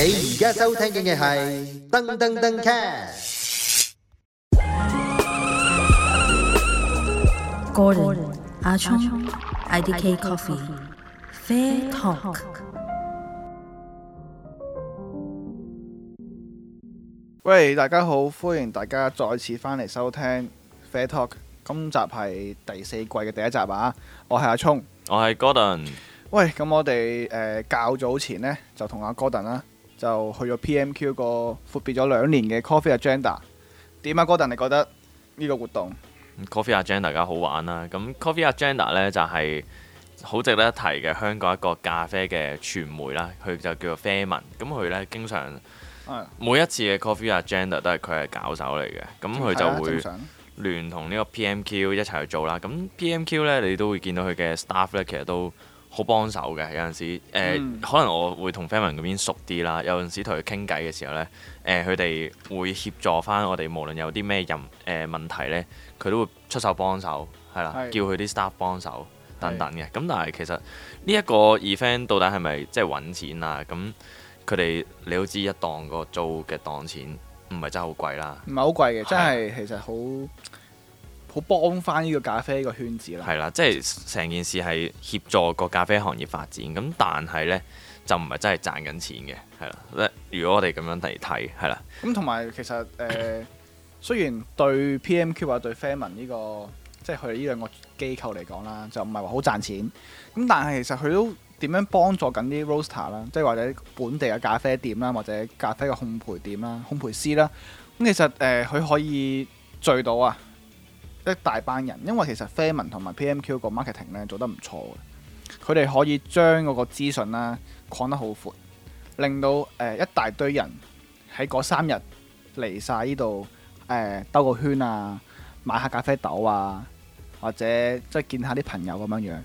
你而家收聽嘅係噔噔噔 cast。Gordon，阿聰，IDK Coffee，Fair Talk。喂，大家好，歡迎大家再次翻嚟收聽 Fair Talk。今集係第四季嘅第一集啊！我係阿聰，我係 Gordon。喂，咁我哋誒較早前呢就同阿 Gordon 啦。就去咗 PMQ、個闊別咗兩年嘅 Coffee Agenda 點啊？Gordon，你覺得呢個活動 Coffee Agenda 梗係好玩啦。咁 Coffee Agenda 咧就係、是、好值得一提嘅香港一個咖啡嘅傳媒啦。佢就叫做 f a m 啡文，咁佢咧經常每一次嘅 Coffee Agenda 都係佢係搞手嚟嘅，咁佢就會聯同呢個 PMQ 一齊去做啦。咁 PMQ 咧，你都會見到佢嘅 staff 咧其實都。好幫手嘅，有陣時誒、呃嗯、可能我會同 family 嗰邊熟啲啦，有陣時同佢傾偈嘅時候呢，誒佢哋會協助翻我哋，無論有啲咩任誒問題呢，佢都會出手幫手，係啦，是 叫佢啲 staff 幫手等等嘅。咁是 但係其實呢一個 event 到底係咪即係揾錢啊？咁佢哋你都知一檔個租嘅檔錢唔係真係好貴啦，貴，唔係好貴嘅，真係其實好。好幫翻呢個咖啡呢個圈子啦，係啦，即係成件事係協助個咖啡行業發展。咁但係呢，就唔係真係賺緊錢嘅，係啦。如果我哋咁樣嚟睇，係啦。咁同埋其實誒，呃、 雖然對 PMQ 啊對 Famon 呢、呢個即係佢哋呢兩個機構嚟講啦，就唔係話好賺錢。咁但係其實佢都點樣幫助緊啲 roaster 啦，即係或者本地嘅咖啡店啦，或者咖啡嘅烘焙店啦、烘焙師啦。咁其實誒，佢、呃、可以聚到啊。一大班人，因為其實 FAM 同埋 PMQ 個 marketing 咧，做得唔錯嘅，佢哋可以將嗰個資訊咧，擴得好闊，令到誒、呃、一大堆人喺嗰三日嚟晒依度誒兜個圈啊，買下咖啡豆啊，或者即係見下啲朋友咁樣樣，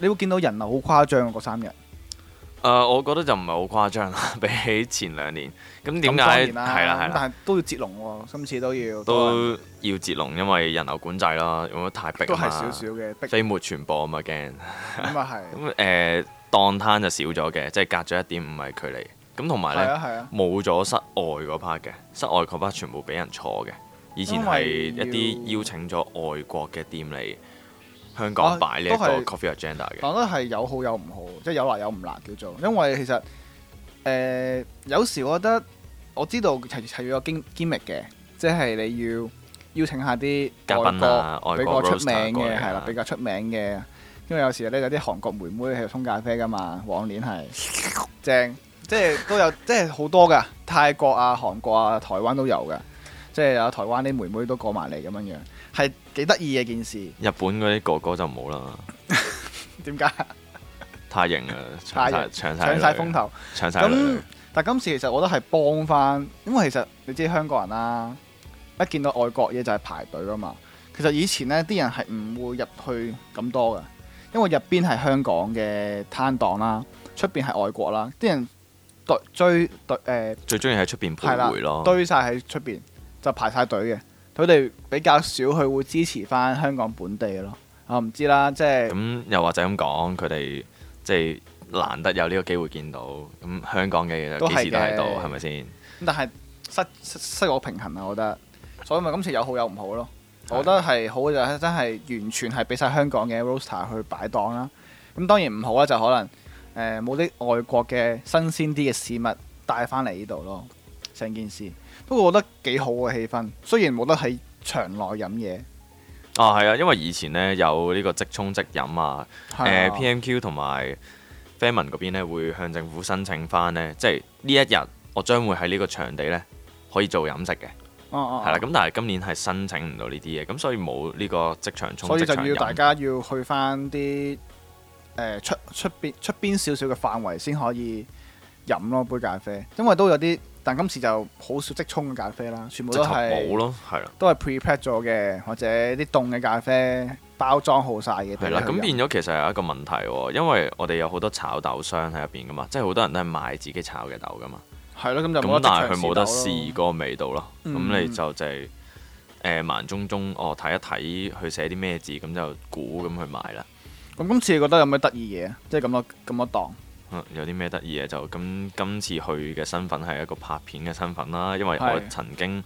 你會見到人流好誇張啊！嗰三日。誒，uh, 我覺得就唔係好誇張啦，比起前兩年。咁點解係啦係啦？啊啊啊、但係都要接龍喎，今次都要。都要接龍，嗯、因為人流管制啦，用得太逼。都係少少嘅。飛沫傳播嘛、嗯、啊嘛驚。咁啊係。咁誒、 嗯，檔攤就少咗嘅，即係隔咗一點五米距離。咁同埋咧，冇咗、啊啊、室外嗰 part 嘅，室外嗰 part 全部俾人坐嘅。以前係一啲邀請咗外國嘅店嚟。香港擺呢一個 coffee agenda 嘅、啊，我覺得係有好有唔好，即、就、係、是、有辣有唔辣叫做。因為其實誒、呃、有時我覺得，我知道提提到個 gimmick 嘅，即係你要邀請一下啲外國嘉賓、啊、外國出名嘅，係啦比較出名嘅。因為有時咧有啲韓國妹妹喺度沖咖啡噶嘛，往年係 正，即係都有，即係好多噶，泰國啊、韓國啊、台灣都有嘅。即係有台灣啲妹妹都過埋嚟咁樣樣，係幾得意嘅件事。日本嗰啲哥哥就冇好啦，點解 麼？ 太型啦，搶晒搶曬了風頭，搶曬。咁但係今次其實我都係幫翻，因為其實你知香港人啦、啊，一見到外國嘢就係排隊噶嘛。其實以前呢啲人係唔會入去咁多嘅，因為入邊係香港嘅攤檔啦，出邊係外國啦。啲人隊追隊、呃、最中意喺出邊徘徊咯，堆晒喺出邊。就排晒隊嘅，佢哋比較少去會支持翻香港本地咯。我唔知啦，即係咁又或者咁講，佢哋即係難得有呢個機會見到咁香港嘅嘢幾時都喺度，係咪先？吧但係失失失咗平衡啊！我覺得，所以咪今次有好有唔好咯。是的 我覺得係好就真係完全係俾晒香港嘅 roaster 去擺檔啦。咁當然唔好啦，就可能誒冇啲外國嘅新鮮啲嘅事物帶翻嚟呢度咯。成件事。不過我覺得幾好嘅氣氛，雖然冇得喺場內飲嘢。哦、啊。係啊，因為以前呢有呢個即沖即飲啊，誒 PMQ 同埋 Femin 嗰邊呢會向政府申請翻呢，即係呢一日我將會喺呢個場地呢可以做飲食嘅。哦哦、啊啊啊啊。係啦，咁但係今年係申請唔到呢啲嘢，咁所以冇呢個即場沖。所以就要大家要去翻啲誒出出邊出邊少少嘅範圍先可以飲咯杯咖啡，因為都有啲。但今次就好少即沖嘅咖啡啦，全部都係都係 prepare 咗嘅，或者啲凍嘅咖啡包裝好晒嘅。係啦的，咁變咗其實有一個問題喎，因為我哋有好多炒豆商喺入邊㗎嘛，即係好多人都係賣自己炒嘅豆㗎嘛。係咯，咁就咁，但係佢冇得試個味道咯，咁、嗯、你就就係誒盲中中哦睇一睇佢寫啲咩字，咁就估咁去買啦。咁今次你覺得有咩得意嘢啊？即係咁多咁多檔。有啲咩得意嘅就咁。今次去嘅身份係一個拍片嘅身份啦，因為我曾經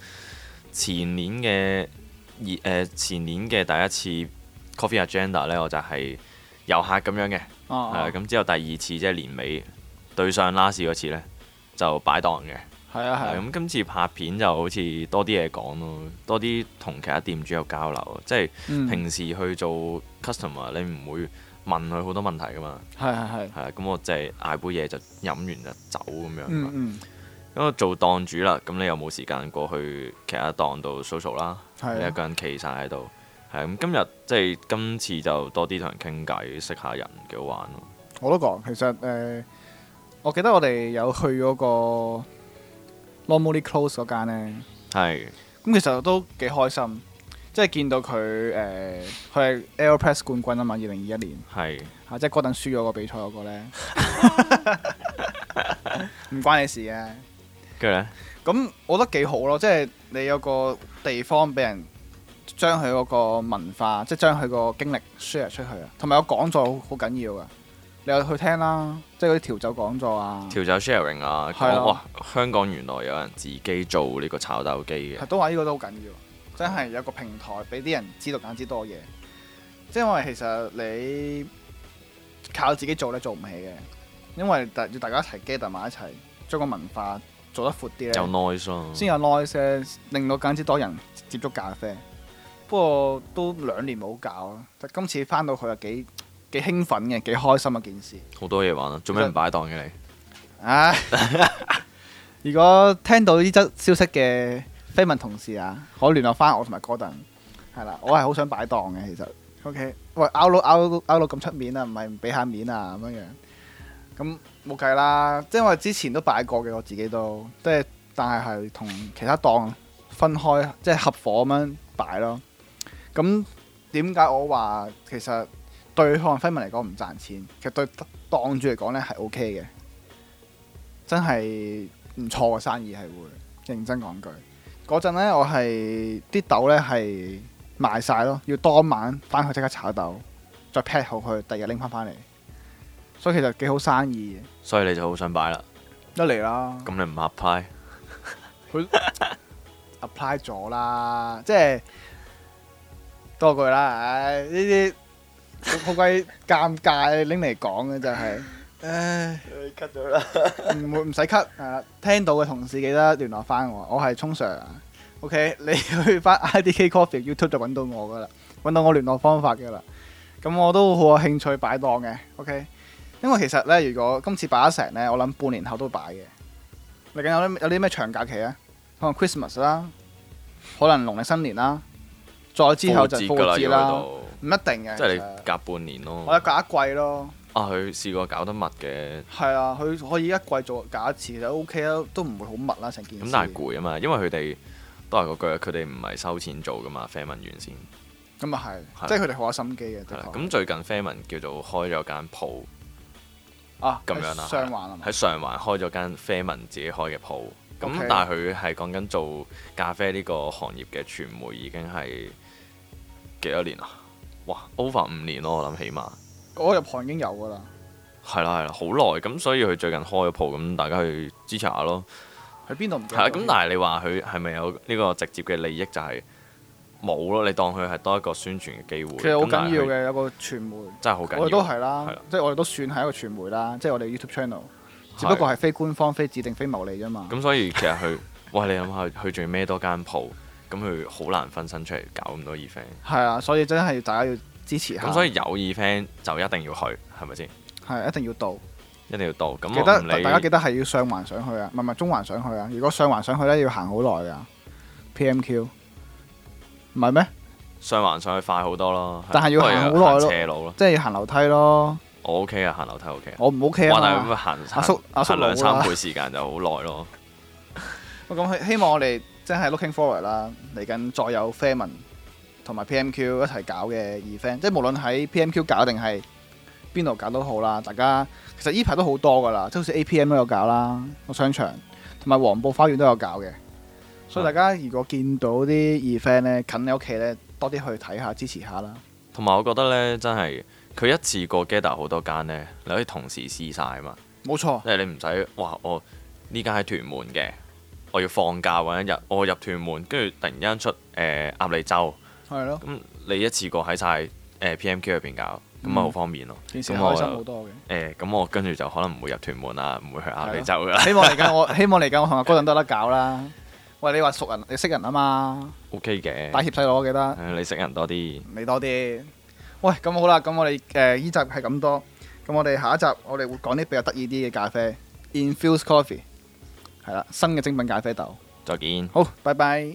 前年嘅二、呃、前年嘅第一次 Coffee Agenda 呢，我就係遊客咁樣嘅，係啊、啊、啊、啊、啊。咁之後第二次即係、就是、年尾對上 last 嗰次呢，就擺檔嘅。係啊係、啊啊。咁今次拍片就好似多啲嘢講咯，多啲同其他店主有交流，即係、嗯、平時去做 customer 你唔會。問佢好多問題噶嘛？係係係。係啊、嗯，咁我就係嗌杯嘢就飲完就走咁樣。咁、嗯嗯、我做檔主啦，咁你又冇時間過去騎下檔度 so 啦，的你一個人企晒喺度。係啊，咁今日即係今次就多啲同人傾偈，識下人幾好玩咯。我都講，其實誒、呃，我記得我哋有去嗰、那個 Normally Close 嗰間咧。係的。咁其實都幾開心。即係見到佢誒，佢、呃、係 AeroPress、er、冠軍啊嘛，二零二一年係嚇，是即係嗰陣輸咗個比賽嗰、那個咧，唔 關你事嘅。咁咧，咁我覺得幾好咯，即係你有個地方俾人將佢嗰個文化，即係將佢個經歷 share 出去啊，同埋有講座好緊要噶，你又去聽啦，即係嗰啲調酒講座啊，調酒 sharing 啊，的哇！香港原來有人自己做呢個炒豆機嘅，都話呢個都好緊要。真係有個平台俾啲人知道揀之多嘢，即係因為其實你靠自己做咧做唔起嘅，因為大要大家一齊 gather 埋一齊，將個文化做得闊啲咧，有 noise 先有 noise，令到揀之多人接觸咖啡。不過都兩年冇搞，但今次翻到去啊幾幾興奮嘅，幾開心嘅一件事。好多嘢玩啊！做咩唔擺檔嘅你？啊！ 如果聽到呢則消息嘅～飛文同事啊，可聯絡翻我同埋 Gordon，係啦，我係好想擺檔嘅，其實 OK。Okay. 喂，歐老歐老歐老咁出面啊，唔係唔俾下面啊咁樣樣。咁冇計啦，即係我之前都擺過嘅，我自己都即係，但係係同其他檔分開，即係合夥咁樣擺咯。咁點解我話其實對漢飛文嚟講唔賺錢，其實對檔主嚟講呢係 OK 嘅，真係唔錯嘅生意係會，認真講句。嗰陣咧，我係啲豆咧係賣晒咯，要當晚翻去即刻炒豆，再 pack 好佢，第二日拎翻翻嚟。所以其實幾好生意。所以你就好想擺啦。一嚟啦。咁你唔 apply？佢 apply 咗啦，即係多句啦。唉，呢啲好鬼尷尬拎嚟講嘅，就係。唉，cut 咗啦！唔會唔使 cut，聽到嘅同事記得聯絡翻我。我係聰 sir，OK？你去翻 IDK Coffee YouTube 就揾到我噶啦，揾到我聯絡方法噶啦。咁我都好有興趣擺檔嘅，OK？因為其實咧，如果今次擺得成咧，我諗半年後都擺嘅。嚟緊有啲有啲咩長假期啊？可能 Christmas 啦，可能農曆新年啦。再之後就過節啦，唔一定嘅，即係你隔半年咯，或者隔一季咯。啊！佢試過搞得密嘅，係啊，佢可以一季做假一次，其實 OK 啦，都唔會好密啦，成件事，咁但係攰啊嘛，因為佢哋都係嗰句，佢哋唔係收錢做噶嘛，啡文員先。咁啊係，即係佢哋好有心機嘅。咁最近啡文叫做開咗間鋪啊，咁樣啦，喺上環喺上環開咗間啡文自己開嘅鋪。咁 Okay. 但係佢係講緊做咖啡呢個行業嘅傳媒已經係幾多年啦？哇，over 五年咯，我諗起碼。我入行已經有噶啦，係啦係啦，好耐咁，所以佢最近開咗鋪，咁大家去支持下咯。喺邊度唔？係啦，咁但係你話佢係咪有呢個直接嘅利益就係冇咯？你當佢係多一個宣傳嘅機會。其實好緊要嘅有個傳媒，真係好緊要。我都係啦，即係的我哋都算係一個傳媒啦，即係我哋 YouTube channel，只不過係非官方、的非指定、非牟利啫嘛。咁所以其實佢，喂， 你諗下，佢仲要孭多間鋪，咁佢好難分身出嚟搞咁多 event。係啊，所以真係大家要，支持下，咁所以有意 friend 就一定要去，係咪先？係，一定要到，一定要到。咁記得大家記得係要上環上去啊，唔係唔係中環上去啊。如果上環上去咧，要行好耐啊。PMQ，唔係咩？上環上去快好多咯，但係要行好耐咯，是斜路咯，即係要行樓梯咯。我 OK 啊，行樓梯 OK。我唔 OK 啊。哇，但係行，阿叔阿叔行兩三倍時間就好耐咯。咁 希望我哋真係 looking forward 啦，嚟緊再有緋聞。同埋 PMQ 一齊搞嘅 event，即係無論喺 PMQ 搞定係邊度搞都好啦。大家其實依排都好多噶啦，即好似 APM 都有搞啦個商場，同埋黃埔花園都有搞嘅。啊、所以大家如果見到啲 event 呢近你屋企呢，多啲去睇下支持下啦。同埋我覺得呢，真係佢一次過 gather 好多間呢，你可以同時試晒啊嘛。冇沒錯，即係你唔使話我呢間喺屯門嘅，我要放假揾一日，我入屯門跟住突然之間出誒、呃、鴨脷洲。係對咯，咁你一次過喺晒誒、呃、P.M.Q. 入邊搞，咁啊好方便咯，咁實我誒咁、欸、我跟住就可能唔會入屯門啦，唔會去鴨脷洲啦。 希望嚟緊我， 希望嚟緊我同阿 Gordon 都得搞啦。喂，你話熟人，你識人啊嘛？O.K. 嘅的，打協西我記得。嗯、你識人多啲，你多啲。喂，咁好啦，咁我哋誒呢集係咁多，咁我哋下一集我哋會講啲比較得意啲嘅咖啡，Infused Coffee，係啦，新嘅精品咖啡豆。再見。好，拜拜。